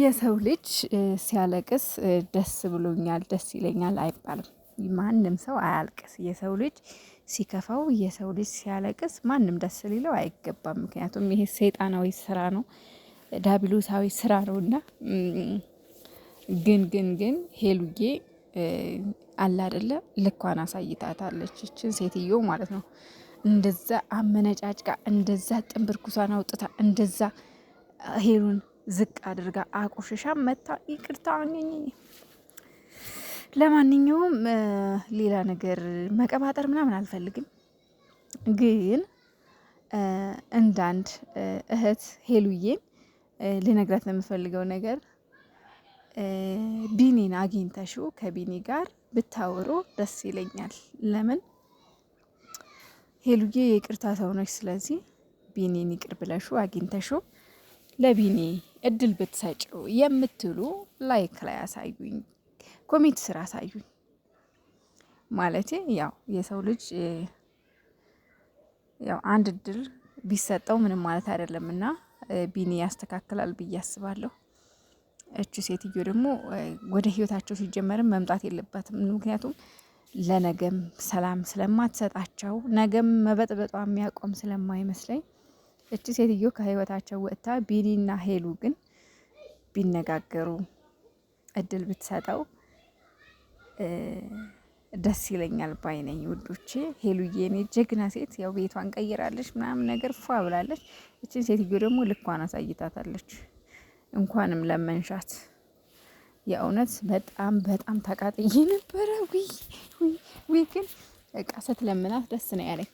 የሰው ልጅ ሲያለቅስ ደስ ብሎኛል ደስ ይለኛል አይባልም። ማንም ሰው አያልቅስ። የሰው ልጅ ሲከፋው፣ የሰው ልጅ ሲያለቅስ ማንም ደስ ሊለው አይገባም። ምክንያቱም ይሄ ሰይጣናዊ ስራ ነው፣ ዳቢሎሳዊ ስራ ነው እና ግን ግን ግን ሄሉዬ አላደለ ልኳን አሳይታታለች እችን ሴትዮ ማለት ነው። እንደዛ አመነጫጭቃ፣ እንደዛ ጥንብርኩሳን አውጥታ፣ እንደዛ ሄሉን ዝቅ አድርጋ አቁሽሻ መታ ይቅርታ ለማንኛውም ሌላ ነገር መቀባጠር ምናምን አልፈልግም፣ ግን እንዳንድ እህት ሄሉዬን ልነግራት ለምፈልገው ነገር ቢኒን አግኝተሽው ከቢኒ ጋር ብታወሩ ደስ ይለኛል። ለምን ሄሉዬ የቅርታ ሰው ነች። ስለዚህ ቢኒን ይቅር ብለሽው አግኝተሽው ለቢኒ እድል ብትሰጩ የምትሉ ላይክ ላይ አሳዩኝ፣ ኮሜንት ስር አሳዩኝ። ማለቴ ያው የሰው ልጅ ያው አንድ እድል ቢሰጠው ምንም ማለት አይደለም እና ቢኒ ያስተካክላል ብዬ አስባለሁ። እቺ ሴትዮ ደግሞ ወደ ህይወታቸው ሲጀመርም መምጣት የለባትም ምክንያቱም ለነገም ሰላም ስለማትሰጣቸው ነገም መበጥበጧ የሚያቆም ስለማይመስለኝ እቺ ሴትዮ ከህይወታቸው ወጥታ ቢኒና ሄሉ ግን ቢነጋገሩ እድል ብትሰጠው ደስ ይለኛል ባይ ነኝ ውዶቼ። ሄሉዬ የኔ ጀግና ሴት ያው ቤቷን ቀይራለች ምናምን ነገር ፏ ብላለች። እችን ሴትዮ ደግሞ ልኳን አሳይታታለች። እንኳንም ለመንሻት የእውነት በጣም በጣም ተቃጥዬ ነበረ። ውይ ውይ ግን እቃ ስትለምናት ደስ ነው ያለኝ።